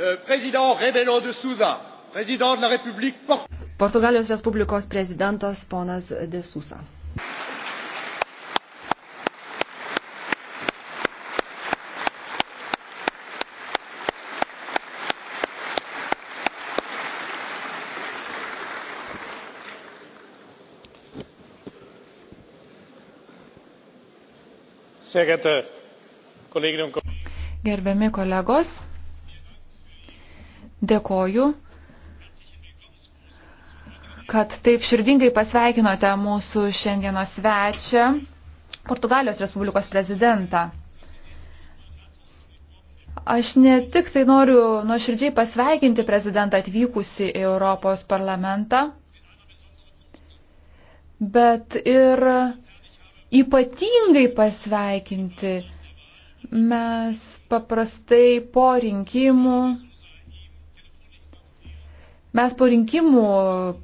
Euh, président Rebelo de Souza, président de la République Portugalijos. Portugalijos Respublikos prezidentas ponas De Susa. Gerbiami kolegos, Dėkoju, kad taip širdingai pasveikinote mūsų šiandienos svečią, Portugalijos Respublikos prezidentą. Aš ne tik tai noriu nuoširdžiai pasveikinti prezidentą atvykusi į Europos parlamentą, bet ir ypatingai pasveikinti mes paprastai po rinkimų Mes po rinkimų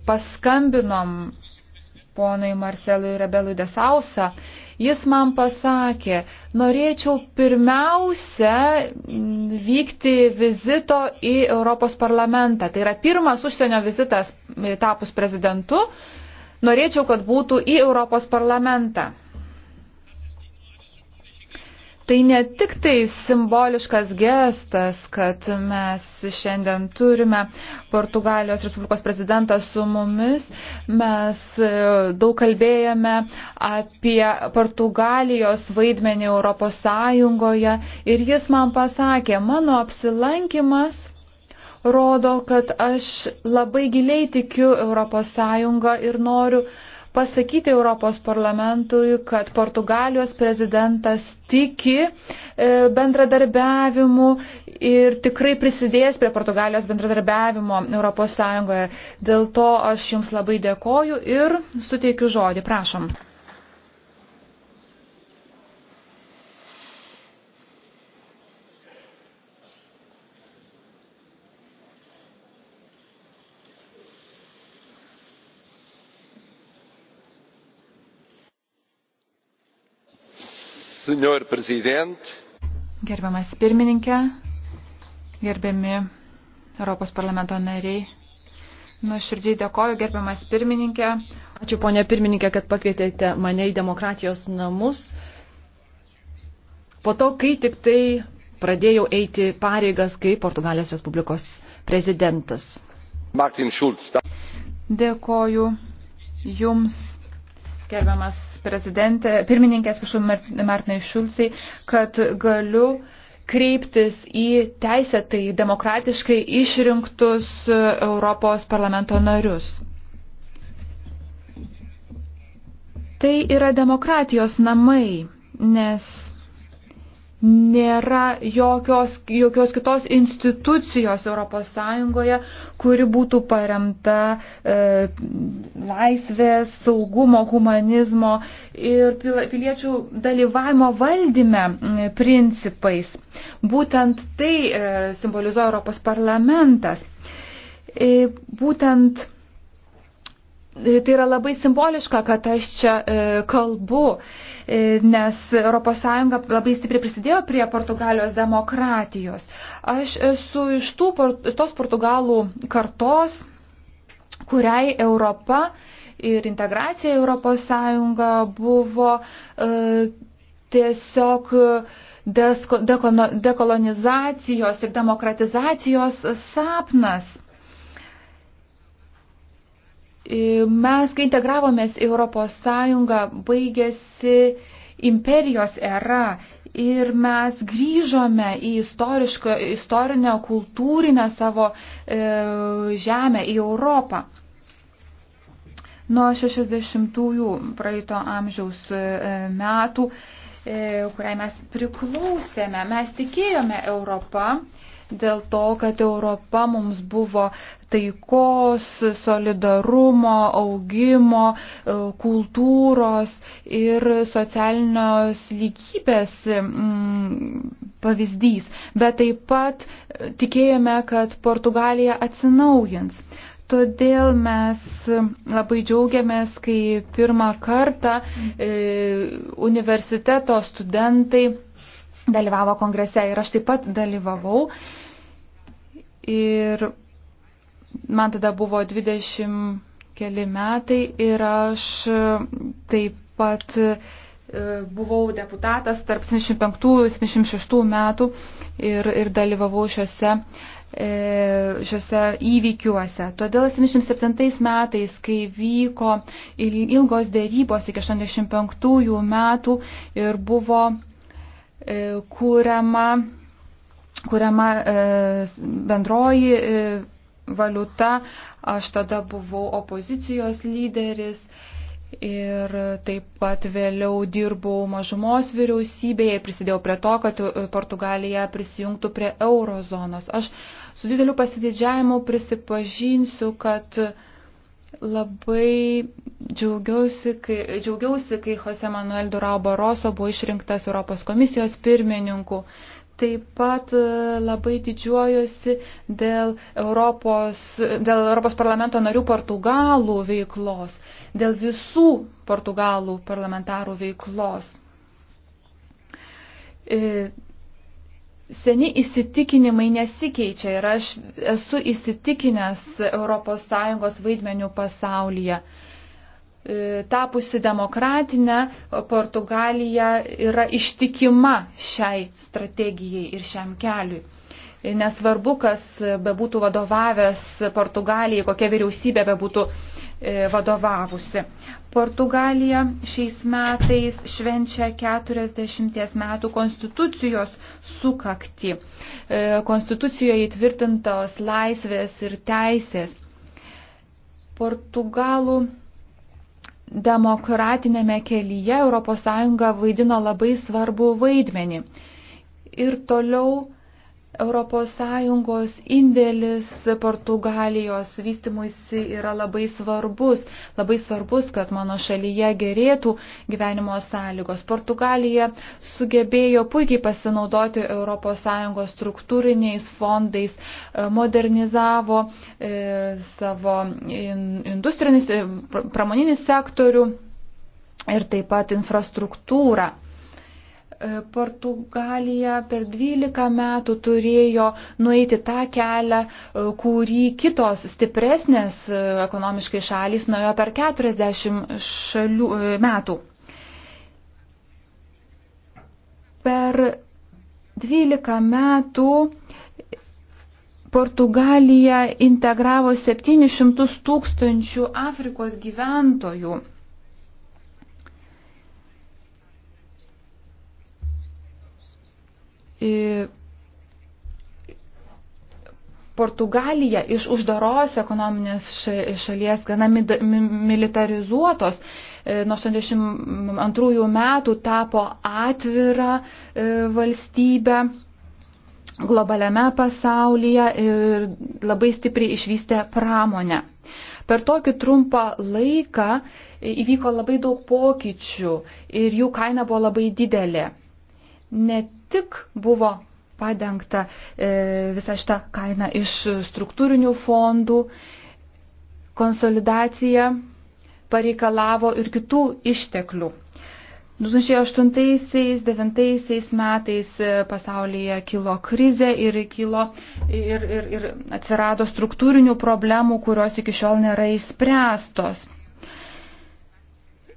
paskambinom ponui Marcelui Rebelui Desausa. Jis man pasakė, norėčiau pirmiausia mm, vykti vizito į Europos parlamentą. Tai yra pirmas užsienio vizitas tapus prezidentu. Norėčiau, kad būtų į Europos parlamentą. Tai ne tik tai simboliškas gestas, kad mes šiandien turime Portugalijos Respublikos prezidentą su mumis. Mes e, daug kalbėjome apie Portugalijos vaidmenį Europos Sąjungoje ir jis man pasakė, mano apsilankimas rodo, kad aš labai giliai tikiu Europos Sąjungą ir noriu pasakyti Europos parlamentui, kad Portugalijos prezidentas tiki e, bendradarbiavimu ir tikrai prisidės prie Portugalijos bendradarbiavimo Europos Sąjungoje. Dėl to aš Jums labai dėkoju ir suteikiu žodį. Prašom. Gerbiamas pirmininkė, gerbiami Europos parlamento nariai, nuoširdžiai dėkoju, gerbiamas pirmininkė. Ačiū ponė pirmininkė, kad pakvietėte mane į demokratijos namus. Po to, kai tik tai pradėjau eiti pareigas kaip Portugalijos Respublikos prezidentas. Martin Schulz. Dėkoju Jums, gerbiamas pirmininkės Martinai Šulcijai, kad galiu kreiptis į teisėtai demokratiškai išrinktus Europos parlamento narius. Tai yra demokratijos namai, nes nėra jokios, jokios kitos institucijos ES, kuri būtų paremta e, laisvės, saugumo, humanizmo ir piliečių dalyvavimo valdyme principais. Būtent tai e, simbolizuoja Europos parlamentas. E, būtent Tai yra labai simboliška, kad aš čia e, kalbu, e, nes ES labai stipriai prisidėjo prie Portugalijos demokratijos. Aš esu iš tų, tos portugalų kartos, kuriai Europa ir integracija ES buvo e, tiesiog desko, dekolonizacijos ir demokratizacijos sapnas. E, mes, kai integravomės į Europos Sąjungą, baigėsi imperijos era ir mes grįžome į istorinę, kultūrinę savo e, žemę, į Europą. Nuo 60-ųjų praeito amžiaus e, metų, e, kuriai mes priklausėme, mes tikėjome Europą, e, dėl to, kad Europa mums buvo taikos, solidarumo, augimo, e, kultūros ir socialinios lygybės mm, pavyzdys. Bet taip pat e, tikėjome, kad Portugalija atsinaujins. Todėl mes e, labai džiaugiamės, kai pirmą kartą e, universiteto studentai dalyvavo kongrese ir aš taip pat dalyvavau. Ir man tada buvo 20 keli metai ir aš taip pat e, buvau deputatas tarp 75-76 metų ir, ir dalyvavau šiuose, e, šiuose įvykiuose. Todėl 77 metais, kai vyko ilgos dėrybos iki 85 metų ir buvo E, kuriama, kuriama e, bendroji e, valiuta, aš tada buvau opozicijos lyderis. Ir taip pat vėliau dirbau mažumos vyriausybėje ir prisidėjau prie to, kad Portugalija prisijungtų prie eurozonos. Aš su dideliu pasididžiavimu prisipažinsiu, kad uh, Labai džiaugiausi, kai, džiaugiausi, kai Jose Manuel Durao Baroso buvo išrinktas Europos komisijos pirmininku. Taip pat e, labai didžiuojosi dėl Europos, dėl Europos parlamento narių Portugalų veiklos, dėl visų Portugalų parlamentarų veiklos. E, Seni įsitikinimai nesikeičia ir aš esu įsitikinęs ES vaidmenių pasaulyje. E, tapusi demokratinę, Portugalija yra ištikima šiai strategijai ir šiam keliui e, nesvarbu, kas bebūtų vadovavęs Portugalijai, kokia vyriausybė bebūtų E, vadovavusi. Portugalija šiais metais švenčia 40 metų konstitucijos sukakti. E, konstitucijoje įtvirtintos laisvės ir teisės. Portugalų demokratinėme kelyje ES vaidino labai svarbu vaidmenį. Ir toliau ES indėlis Portugalijos vystimuisi yra labai svarbus. Labai svarbus, kad mano šalyje gerėtų gyvenimo sąlygos. Portugalija sugebėjo puikiai pasinaudoti ES struktūriniais fondais, e, modernizavo e, savo industrinis, e, pramoninį sektorių ir taip pat infrastruktūrą. E, Portugalija per 12 metų turėjo nueiti tą kelią, e, kurį kitos stipresnės e, ekonomiškai šalys nuėjo per 40 šalių, metų. Per 12 metų Portugalija integravo 700 tūkstančių Afrikos gyventojų. Portugalija iš uždaros ekonominės šalies, gana militarizuotos, e, nuo 82 metų tapo atvira e, valstybė globaliame pasaulyje ir labai stipriai išvystė pramonę. Per tokį trumpą laiką įvyko labai daug pokyčių ir jų kaina buvo labai didelė. Ne tik buvo padengta e, visa šita kaina iš struktūrinių fondų, konsolidacija pareikalavo ir kitų išteklių. 2008-2009 metais pasaulyje kilo krizė ir, kilo, ir, ir, ir atsirado struktūrinių problemų, kurios iki šiol nėra įspręstos.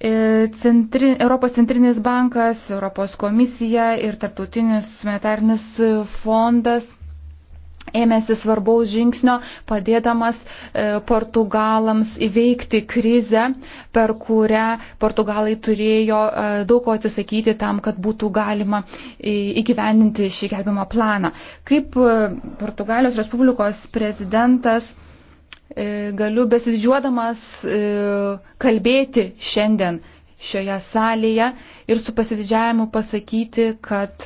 E, centri, Europos centrinis bankas, Europos komisija ir Tarptautinis monetarnis fondas ėmėsi svarbaus žingsnio, padėdamas e, Portugalams įveikti krizę, per kurią Portugalai turėjo e, daug ko atsisakyti tam, kad būtų galima įgyvendinti šį gelbimo planą. Kaip Portugalijos Respublikos prezidentas E, galiu besididžiuodamas e, kalbėti šiandien šioje salėje ir su pasididžiavimu pasakyti, kad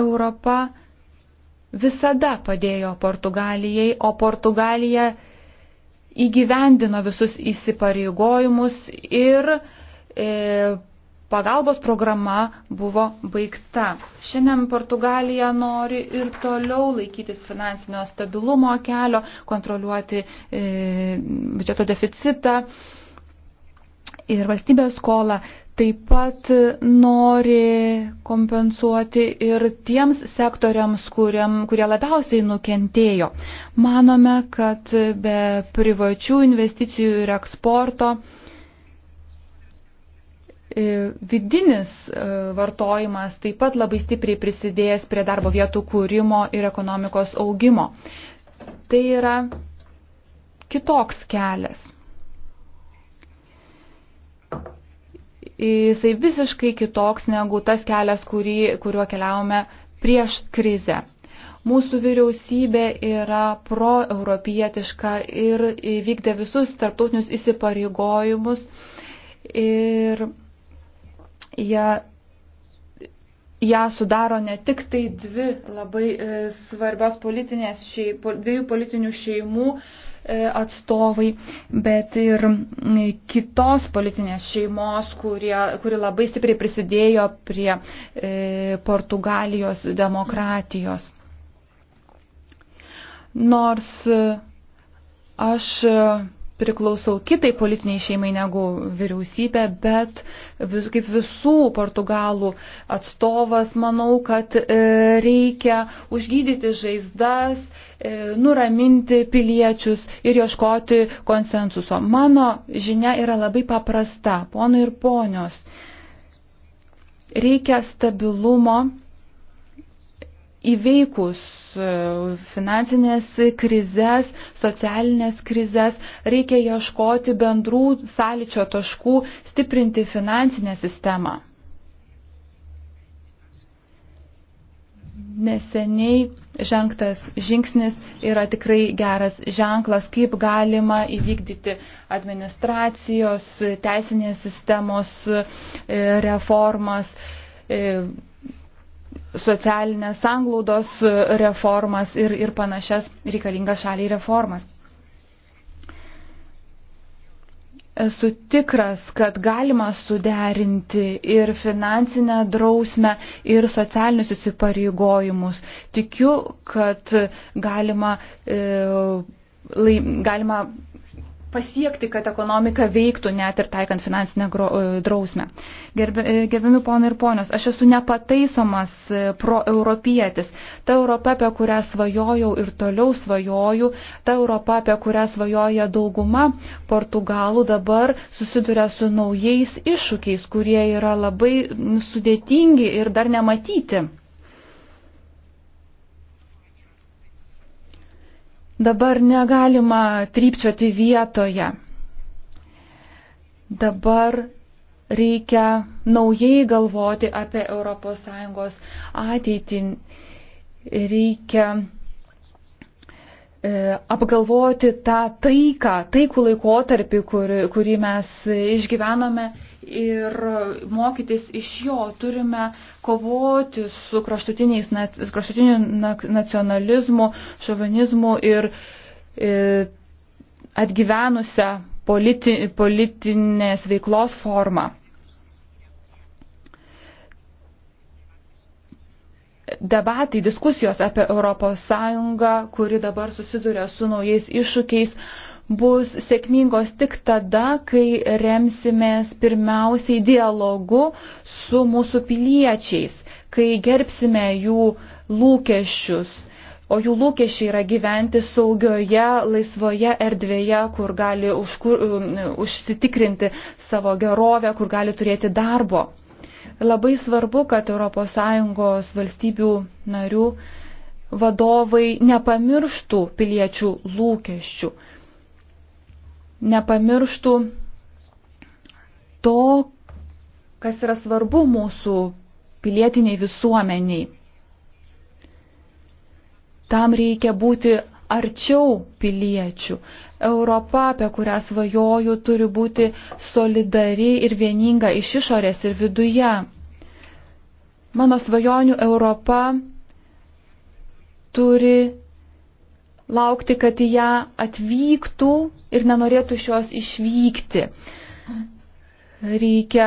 Europa visada padėjo Portugalijai, o Portugalija įgyvendino visus įsipareigojimus ir e, pagalbos programa buvo baigta. Šiandien Portugalija nori ir toliau laikytis finansinio stabilumo kelio, kontroliuoti e, biudžeto deficitą ir valstybės skolą. Taip pat nori kompensuoti ir tiems sektoriams, kuriam, kurie labiausiai nukentėjo. Manome, kad be privačių investicijų ir eksporto E, vidinis e, vartojimas taip pat labai stipriai prisidėjęs prie darbo vietų kūrimo ir ekonomikos augimo. Tai yra kitoks kelias. Jisai visiškai kitoks negu tas kelias, kurį, kuriuo keliavome prieš krizę. Mūsų vyriausybė yra proeuropietiška ir vykdė visus tarptautinius įsipareigojimus ir ją, ją sudaro ne tik tai dvi labai e, svarbios politinės, šeip, dviejų politinių šeimų e, atstovai, bet ir kitos politinės šeimos, kurie, kuri labai stipriai prisidėjo prie e, Portugalijos demokratijos. Nors e, aš priklausau kitai politiniai šeimai negu vyriausybė, bet vis, kaip visų portugalų atstovas manau, kad e, reikia užgydyti žaizdas, e, nuraminti piliečius ir ieškoti konsensuso. Mano žinia yra labai paprasta, ponai ir ponios. Reikia stabilumo įveikus e, finansinės krizės, socialinės krizės, reikia ieškoti bendrų sąlyčio taškų, stiprinti finansinę sistemą. Neseniai žengtas žingsnis yra tikrai geras ženklas, kaip galima įvykdyti administracijos, teisinės sistemos e, reformas e, socialinės sanglaudos reformas ir, ir panašias reikalingas šaliai reformas. Esu tikras, kad galima suderinti ir finansinę drausmę, ir socialinius įsipareigojimus. Tikiu, kad galima, e, laim, galima pasiekti, kad ekonomika veiktų net ir taikant finansinę e, drausmę. E, gerbiami ponai ir ponios, aš esu nepataisomas e, proeuropietis. Ta Europa, apie kurią svajojau ir toliau svajoju, ta Europa, apie kurią svajoja dauguma portugalų, dabar susiduria su naujais iššūkiais, kurie yra labai sudėtingi ir dar nematyti. Dabar negalima trypčioti vietoje. Dabar reikia naujai galvoti apie ES ateitį. Reikia e, apgalvoti tą taiką, taikų laikotarpį, kur, kurį mes išgyvenome ir mokytis iš jo. Turime kovoti su kraštutiniu nacionalizmu, šovinizmu ir, ir e, atgyvenusią politi, politinės veiklos formą. Debatai, diskusijos apie ES, kuri dabar susiduria su naujais iššūkiais, bus sėkmingos tik tada, kai remsimės pirmiausiai dialogu su mūsų piliečiais, kai gerbsime jų lūkesčius. O jų lūkesčiai yra gyventi saugioje, laisvoje erdvėje, kur gali užkur, um, užsitikrinti savo gerovę, kur gali turėti darbo. Labai svarbu, kad ES valstybių narių vadovai nepamirštų piliečių lūkesčių nepamirštų to, kas yra svarbu mūsų pilietiniai visuomeniai. Tam reikia būti arčiau piliečių. Europa, apie kurią svajoju, turi būti solidari ir vieninga iš išorės ir viduje. Mano svajonių Europa turi laukti, kad į ją atvyktų ir nenorėtų iš jos išvykti. Reikia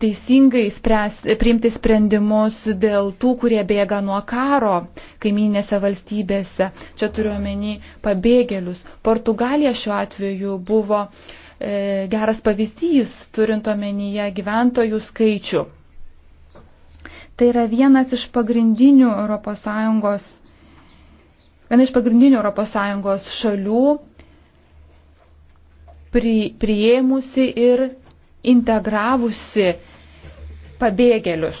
teisingai spręs, priimti sprendimus dėl tų, kurie bėga nuo karo kaiminėse valstybėse. Čia turiu omeny pabėgėlius. Portugalija šiuo atveju buvo e, geras pavyzdys, turint omenyje gyventojų skaičių. Tai yra vienas iš pagrindinių ES viena iš pagrindinių ES šalių pri, priėmusi ir integravusi pabėgėlius.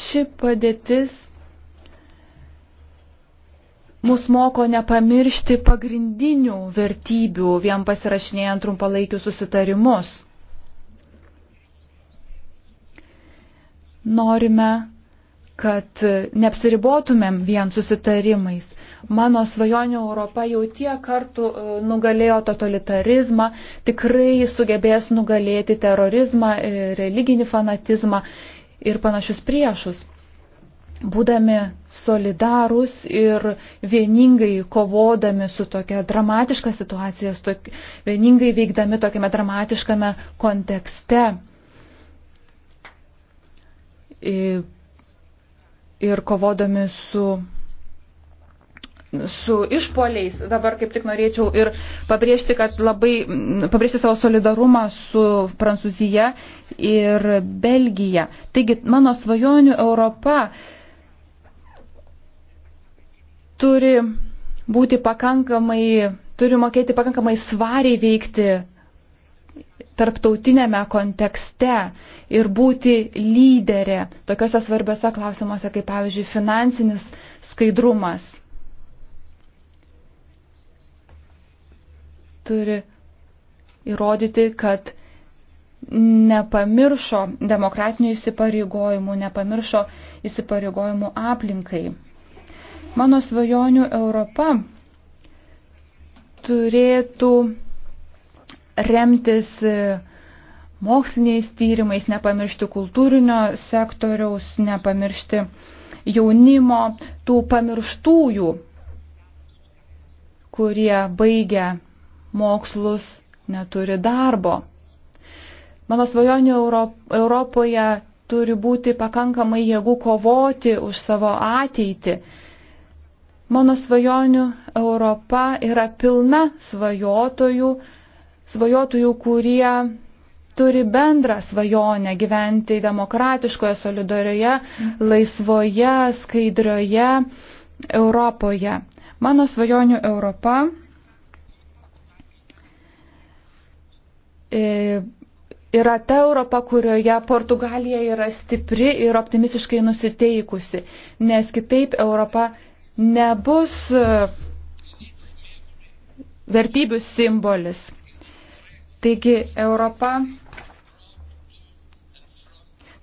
Ši padėtis mus moko nepamiršti pagrindinių vertybių, vien pasirašinėjant trumpalaikius susitarimus. Norime, kad neapsiribotumėm vien susitarimais. Mano svajonių Europa jau tiek kartų e, nugalėjo totalitarizmą, tikrai sugebės nugalėti terorizmą, e, religinį fanatizmą ir panašius priešus būdami solidarūs ir vieningai kovodami su tokia dramatiška situacija, tok, vieningai veikdami tokiame dramatiškame kontekste. Ir, ir kovodami su su išpoliais. Dabar kaip tik norėčiau ir pabrėžti, kad labai pabrėžti savo solidarumą su Prancūzija ir Belgija. Taigi mano svajonių Europa turi būti pakankamai, turi mokėti pakankamai svariai veikti tarptautinėme kontekste ir būti lyderė tokiuose svarbiuose klausimuose, kaip pavyzdžiui, finansinis skaidrumas. Turi įrodyti, kad nepamiršo demokratinių įsipareigojimų, nepamiršo įsipareigojimų aplinkai. Mano svajonių Europa turėtų remtis moksliniais tyrimais, nepamiršti kultūrinio sektoriaus, nepamiršti jaunimo, tų pamirštųjų, kurie baigia mokslus, neturi darbo. Mano svajonių Europoje turi būti pakankamai jėgų kovoti už savo ateitį Mano svajonių Europa yra pilna svajotojų, svajotojų, kurie turi bendrą svajonę gyventi demokratiškoje, solidarioje, laisvoje, skaidrioje Europoje. Mano svajonių Europa e, yra ta Europa, kurioje Portugalija yra stipri ir optimistiškai nusiteikusi, nes kitaip Europa nebus e, vertybių simbolis. Taigi Europa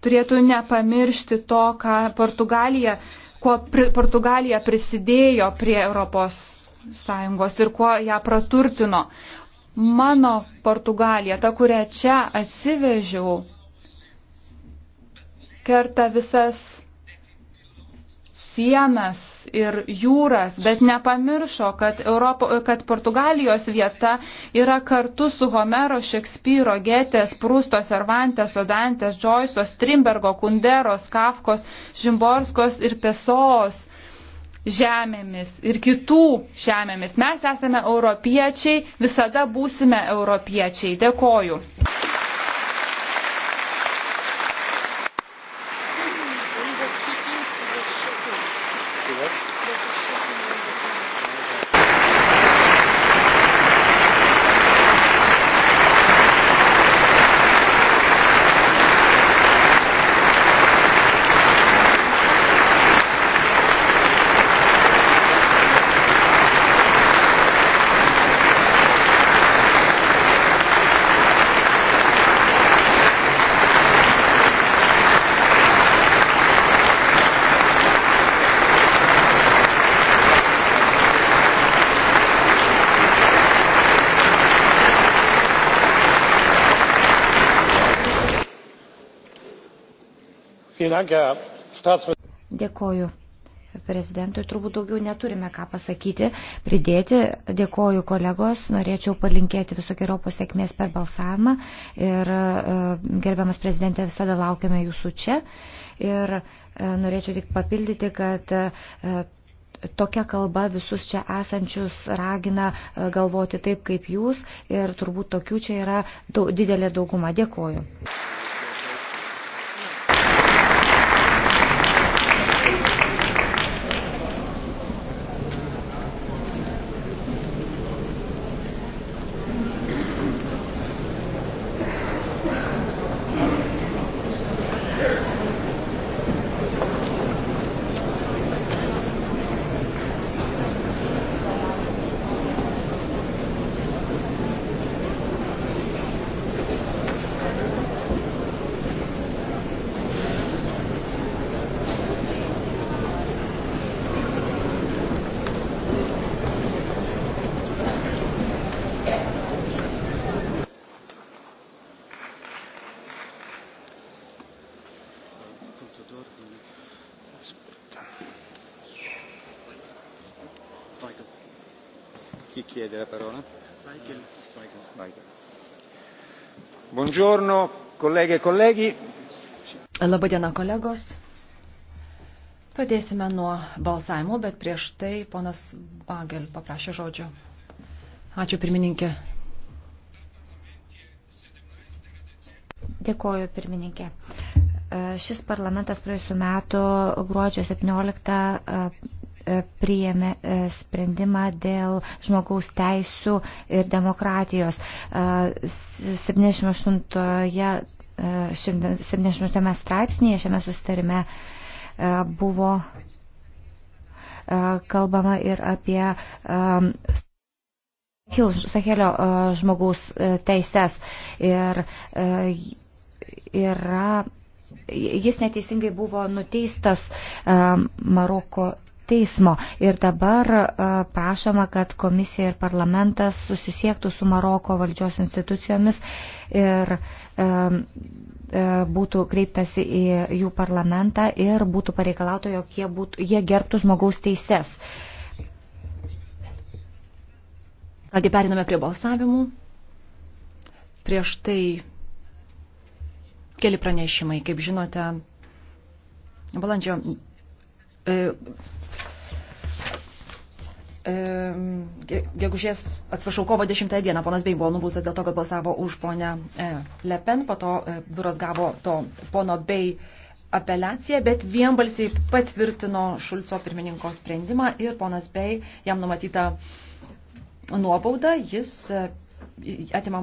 turėtų nepamiršti to, ką Portugalija, kuo pri, Portugalija prisidėjo prie Europos Sąjungos ir kuo ją praturtino. Mano Portugalija, ta, kurią čia atsivežiau, kerta visas sienas ir jūras, bet nepamiršo, kad, Europo, kad Portugalijos vieta yra kartu su Homero, Šekspyro, Getės, Prusto, Cervanteso, Dantės, Džoisos, Trimbergo, Kunderos, Kafkos, Žimborskos ir Pesos žemėmis ir kitų žemėmis. Mes esame europiečiai, visada būsime europiečiai. Dėkoju. Dėkoju prezidentui turbūt daugiau neturime ką pasakyti, pridėti. Dėkoju kolegos, norėčiau palinkėti visokiojo pasiekmės per balsavimą ir e, gerbiamas prezidentė visada laukiame jūsų čia. Ir e, norėčiau tik papildyti, kad e, tokia kalba visus čia esančius ragina galvoti taip kaip jūs ir turbūt tokių čia yra didelė dauguma. Dėkoju. chiede la parola. Michael. Michael. Buongiorno, colleghe e colleghi. Labadiena, kolegos. Pradėsime nuo balsavimo, bet prieš tai ponas Bagel paprašė žodžio. Ačiū pirmininkė. Dėkoju pirmininkė. Šis parlamentas praėjusiu metu gruodžio 17 E, priėmė e, sprendimą dėl žmogaus teisų ir demokratijos. 78-ame e, 78 straipsnėje šiame susitarime buvo kalbama ir apie Sahelio žmogaus teises. Ir yra jis neteisingai buvo nuteistas Maroko teismo. Ir dabar e, prašoma, kad komisija ir parlamentas susisiektų su Maroko valdžios institucijomis ir e, e, būtų kreiptasi į jų parlamentą ir būtų pareikalauta, jog jie, būtų, jie gerbtų žmogaus teises. Kągi periname prie balsavimų. Prieš tai keli pranešimai, kaip žinote, balandžio e, gegužės, atsiprašau, kovo 10 dieną ponas Bei buvo nubaustas dėl to, kad balsavo už ponę e, Le Pen, po to e, biuras gavo to pono Bei apeliaciją, bet vienbalsiai patvirtino Šulco pirmininko sprendimą ir ponas Bei jam numatyta nuobauda, jis e, atima